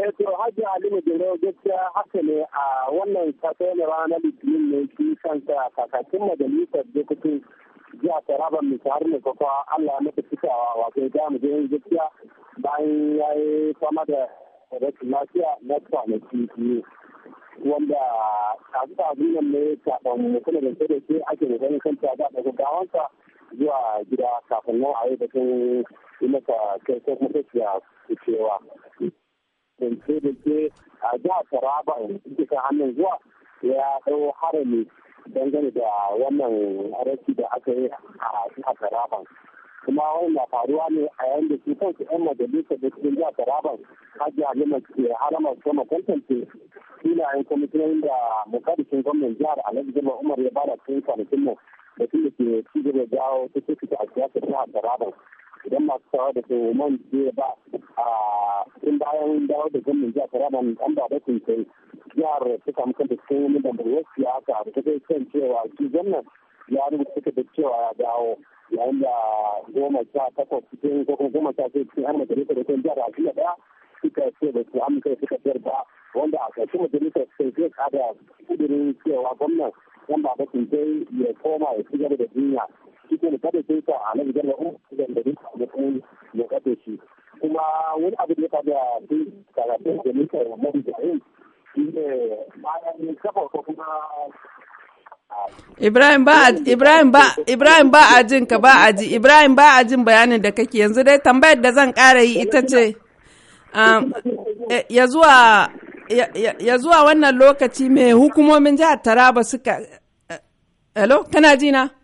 Eh to Hajji Alimu Jere gaskiya haka ne a wannan na ranar Litinin ne shi kansa kakakin majalisar dokokin jiya Taraba har ne kwakwa Allah ya mata cikawa wato ya mu je gaskiya bayan ya yi fama da rashin lafiya na kwanaki biyu. wanda a zuba nan ne ɗan mutum da da ke ake ganin kan ta da daga gawansa zuwa gida kafin nan a yi batun yi maka kai ko kuma kai cewa dance da ke a jihar taraba duka hannun zuwa ya ɗau harami dangane da wannan araki da aka yi a jihar taraba kuma wani na faruwa ne a yayin da su kansu 'yan majalisa da cikin jihar taraba hajji halima ke haramar sama tantance filayen kwamitinan da mukaddishin gwamnan jihar alhaji jama umar ya bada cikin kwanakin mu da su da ke ci gaba jawo ta fita a siyasar jihar taraba idan masu sawa da su man ba a in bayan dawo da gwamnan jihar Karaman an ba da kun kai jihar suka mukanta cikin wani dambarwar siyasa da ta kai kan cewa shi gwamnan ya rubuta da cewa ya dawo yayin da goma sha takwas cikin ko kuma goma sha sai cikin har majalisar da kan jihar Asiya daya suka ce da su amince suka fiyar ba wanda a ƙarshe majalisar sai zai kada kudirin cewa gwamnan yan ba da kun kai ya koma ya ci gaba da jinya shi ne kada sai ta a nan garba da da wani abu da ya faru a cikin karatun da muka yi wannan da yin shi ne bayan kafa ko kuma Ibrahim ba Ibrahim ba Ibrahim ba a jin ka ba a ji Ibrahim ba a jin bayanin da kake yanzu dai tambayar da zan ƙara yi ita ce um, ya zuwa ya zuwa wannan lokaci mai hukumomin jihar Taraba suka eh, Hello kana ji na